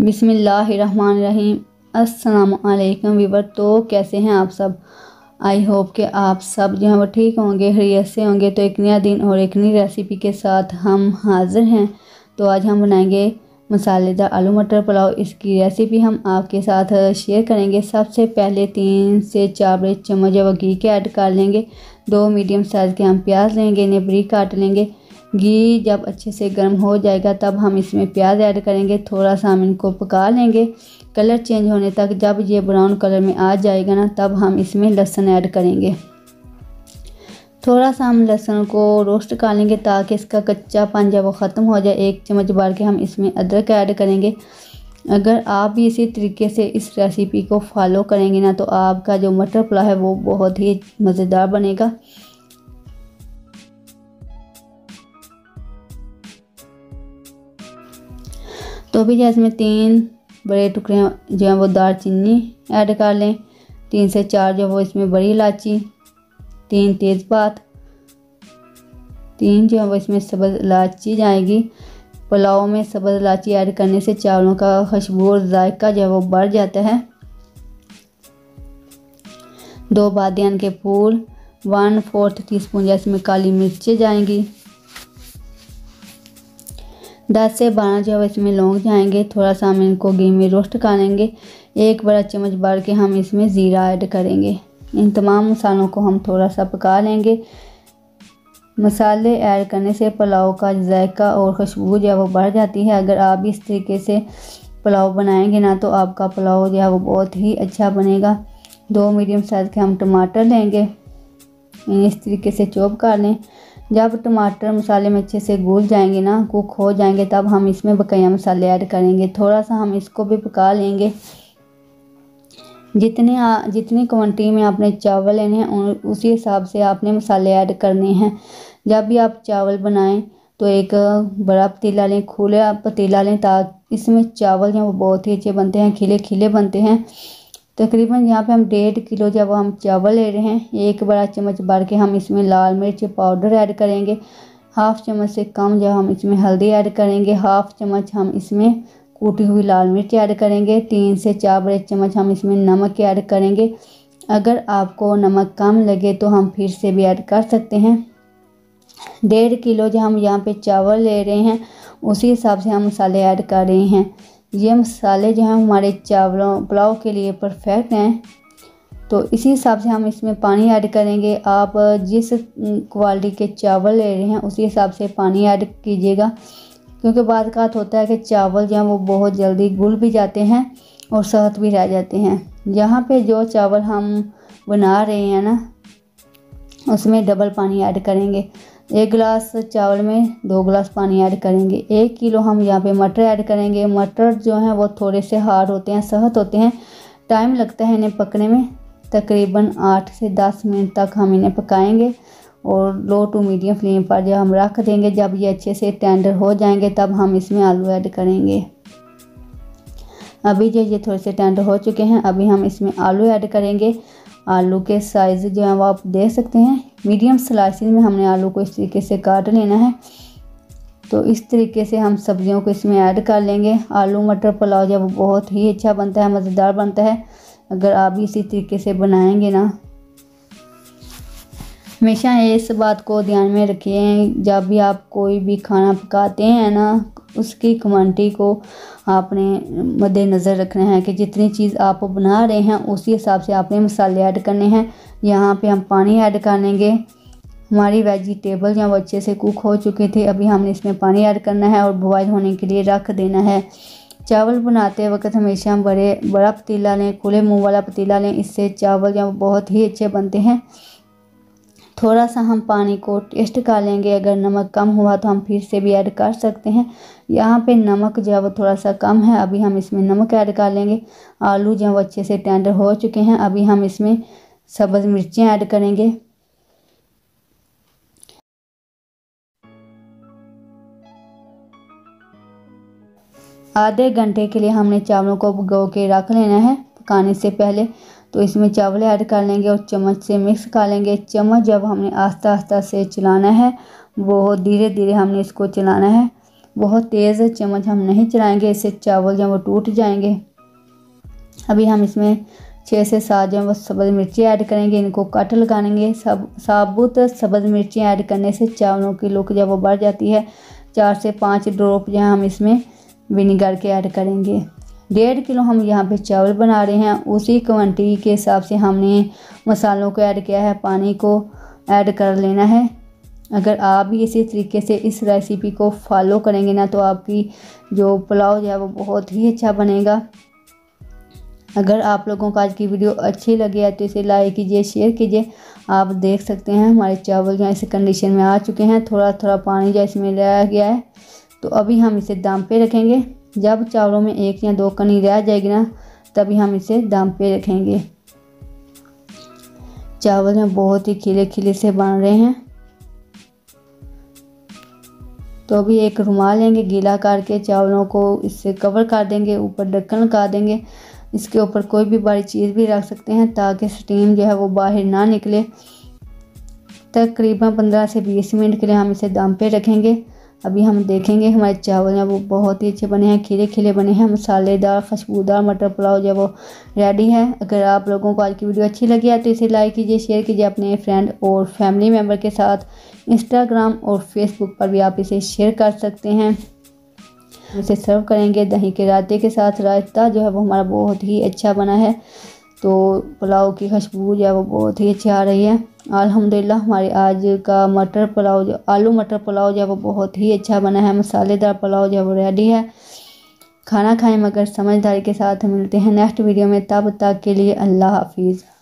बिसमीम असलकम वीवर तो कैसे हैं आप सब आई होप कि आप सब जो हैं वो ठीक होंगे हरियत से होंगे तो एक नया दिन और एक नई रेसिपी के साथ हम हाजिर हैं तो आज हम बनाएंगे मसालेदार आलू मटर पुलाव इसकी रेसिपी हम आपके साथ शेयर करेंगे सबसे पहले तीन से चार बड़े चम्मच घी के ऐड कर लेंगे दो मीडियम साइज़ के हम प्याज लेंगे इन्हें बरीक काट लेंगे घी जब अच्छे से गर्म हो जाएगा तब हम इसमें प्याज ऐड करेंगे थोड़ा सा हम इनको पका लेंगे कलर चेंज होने तक जब ये ब्राउन कलर में आ जाएगा ना तब हम इसमें लहसुन ऐड करेंगे थोड़ा सा हम लहसुन को रोस्ट कर लेंगे ताकि इसका कच्चा पान जब वो ख़त्म हो जाए एक चम्मच भर के हम इसमें अदरक ऐड करेंगे अगर आप भी इसी तरीके से इस रेसिपी को फॉलो करेंगे ना तो आपका जो मटर पुलाव है वो बहुत ही मज़ेदार बनेगा तो भी जैसे इसमें तीन बड़े टुकड़े जो हैं वो दालचीनी ऐड कर लें तीन से चार जो वो इसमें बड़ी इलायची तीन तेज़पात तीन जो है वो इसमें सब्ज़ इलायची जाएगी पुलाव में सब्ज़ इलायची ऐड करने से चावलों का खुशबू और जायका जो है वो बढ़ जाता है दो बादियान के फूल वन फोर्थ टी स्पून जैसे में काली मिर्चें जाएंगी दस से बारह जो इसमें लौंग जाएंगे थोड़ा सा हम इनको घी में रोस्ट कर लेंगे एक बड़ा चम्मच भर के हम इसमें ज़ीरा ऐड करेंगे इन तमाम मसालों को हम थोड़ा सा पका लेंगे मसाले ऐड करने से पुलाव का जायका और खुशबू जो है वो बढ़ जाती है अगर आप इस तरीके से पुलाव बनाएंगे ना तो आपका पुलाव जो है वो बहुत ही अच्छा बनेगा दो मीडियम साइज़ के हम टमाटर लेंगे इस तरीके से चॉप कर लें जब टमाटर मसाले में अच्छे से घुल जाएंगे ना कुक हो जाएंगे तब हम इसमें बकैया मसाले ऐड करेंगे थोड़ा सा हम इसको भी पका लेंगे जितने आ, जितनी क्वान्टिटी में आपने चावल लेने हैं उसी हिसाब से आपने मसाले ऐड करने हैं जब भी आप चावल बनाएं तो एक बड़ा पतीला लें खुला पतीला लें ताकि इसमें चावल जो बहुत ही अच्छे बनते हैं खिले खिले बनते हैं तकरीबन यहाँ पे हम डेढ़ किलो जब हम चावल ले रहे हैं एक बड़ा चम्मच भर के हम इसमें लाल मिर्च पाउडर ऐड करेंगे हाफ़ चम्मच से कम जब हम इसमें हल्दी ऐड करेंगे हाफ़ चम्मच हम इसमें कूटी हुई लाल मिर्च ऐड करेंगे तीन से चार बड़े चम्मच हम इसमें नमक ऐड करेंगे अगर आपको नमक कम लगे तो हम फिर से भी ऐड कर सकते हैं डेढ़ किलो जो हम यहाँ पे चावल ले रहे हैं उसी हिसाब से हम मसाले ऐड कर रहे हैं ये मसाले जो हैं हमारे चावलों पुलाव के लिए परफेक्ट हैं तो इसी हिसाब से हम इसमें पानी ऐड करेंगे आप जिस क्वालिटी के चावल ले रहे हैं उसी हिसाब से पानी ऐड कीजिएगा क्योंकि बाद का तो होता है कि चावल जो हैं वो बहुत जल्दी घुल भी जाते हैं और सहत भी रह जाते हैं यहाँ पे जो चावल हम बना रहे हैं ना उसमें डबल पानी ऐड करेंगे एक गिलास चावल में दो गिलास पानी ऐड करेंगे एक किलो हम यहाँ पे मटर ऐड करेंगे मटर जो हैं वो थोड़े से हार्ड होते हैं सहत होते हैं टाइम लगता है इन्हें पकने में तकरीबन आठ से दस मिनट तक हम इन्हें पकाएंगे और लो टू मीडियम फ्लेम पर जब हम रख देंगे जब ये अच्छे से टेंडर हो जाएंगे तब हम इसमें आलू ऐड करेंगे अभी जो ये थोड़े से टेंडर हो चुके हैं अभी हम इसमें आलू ऐड करेंगे आलू के साइज़ जो है वो आप देख सकते हैं मीडियम स्लाइसिस में हमने आलू को इस तरीके से काट लेना है तो इस तरीके से हम सब्जियों को इसमें ऐड कर लेंगे आलू मटर पुलाव जब बहुत ही अच्छा बनता है मज़ेदार बनता है अगर आप इसी तरीके से बनाएंगे ना हमेशा इस बात को ध्यान में रखें जब भी आप कोई भी खाना पकाते हैं ना उसकी क्वांटिटी को आपने मद्देनज़र रखना है कि जितनी चीज़ आप बना रहे हैं उसी हिसाब से आपने मसाले ऐड करने हैं यहाँ पे हम पानी ऐड कर लेंगे हमारी वेजिटेबल या वो अच्छे से कुक हो चुके थे अभी हमने इसमें पानी ऐड करना है और बॉयल होने के लिए रख देना है चावल बनाते वक्त हमेशा बड़े बड़ा पतीला लें खुले मुँह वाला पतीला लें इससे चावल या बहुत ही अच्छे बनते हैं थोड़ा सा हम पानी को टेस्ट कर लेंगे अगर नमक कम हुआ तो हम फिर से भी ऐड कर सकते हैं यहाँ पे नमक जो है वो थोड़ा सा कम है अभी हम इसमें नमक ऐड कर लेंगे आलू जो है वो अच्छे से टेंडर हो चुके हैं अभी हम इसमें सब्ज़ मिर्चें ऐड करेंगे आधे घंटे के लिए हमने चावलों को भिगो के रख लेना है पकाने से पहले तो इसमें चावल ऐड कर लेंगे और चम्मच से मिक्स कर लेंगे चम्मच जब हमने आस्ता आस्ता से चलाना है बहुत धीरे धीरे हमने इसको चलाना है बहुत तेज़ चम्मच हम नहीं चलाएंगे इससे चावल जो वो टूट जाएंगे अभी हम इसमें छः से सात जो सब्ज़ मिर्ची ऐड करेंगे इनको कट लगाएंगे सब साबुत सब्ज़ मिर्ची ऐड करने से चावलों की लुक जब वो बढ़ जाती है चार से पाँच ड्रॉप जो हम इसमें विनीगर के ऐड करेंगे डेढ़ किलो हम यहाँ पे चावल बना रहे हैं उसी क्वान्टी के हिसाब से हमने मसालों को ऐड किया है पानी को ऐड कर लेना है अगर आप भी इसी तरीके से इस रेसिपी को फॉलो करेंगे ना तो आपकी जो पुलाव जो है वो बहुत ही अच्छा बनेगा अगर आप लोगों को आज की वीडियो अच्छी लगी है तो इसे लाइक कीजिए शेयर कीजिए आप देख सकते हैं हमारे चावल जो इस कंडीशन में आ चुके हैं थोड़ा थोड़ा पानी जो इसमें लाया गया है तो अभी हम इसे दाम पे रखेंगे जब चावलों में एक या दो कनी रह जाएगी ना तभी हम इसे दम पे रखेंगे चावल में बहुत ही खिले खिले से बन रहे हैं तो अभी एक रुमाल लेंगे गीला करके चावलों को इससे कवर कर देंगे ऊपर ढक्कन लगा देंगे इसके ऊपर कोई भी बड़ी चीज़ भी रख सकते हैं ताकि स्टीम जो है वो बाहर ना निकले तकरीबन पंद्रह से बीस मिनट के लिए हम इसे दम पे रखेंगे अभी हम देखेंगे हमारे चावल हैं वो बहुत ही अच्छे बने हैं खिले खिले बने हैं मसालेदार खुशबूदार मटर पुलाव जब वो रेडी है अगर आप लोगों को आज की वीडियो अच्छी लगी है तो इसे लाइक कीजिए शेयर कीजिए अपने फ्रेंड और फैमिली मेम्बर के साथ इंस्टाग्राम और फेसबुक पर भी आप इसे शेयर कर सकते हैं इसे सर्व करेंगे दही के रायते के साथ रायता जो है वो हमारा बहुत ही अच्छा बना है तो पुलाव की खुशबू जो है वो बहुत ही अच्छी आ रही है अलहमदिल्ला हमारे आज का मटर पुलाव जो आलू मटर पुलाव जो है वो बहुत ही अच्छा बना है मसालेदार पुलाव जो है वो रेडी है खाना खाएं मगर समझदारी के साथ मिलते हैं नेक्स्ट वीडियो में तब तक के लिए अल्लाह हाफिज़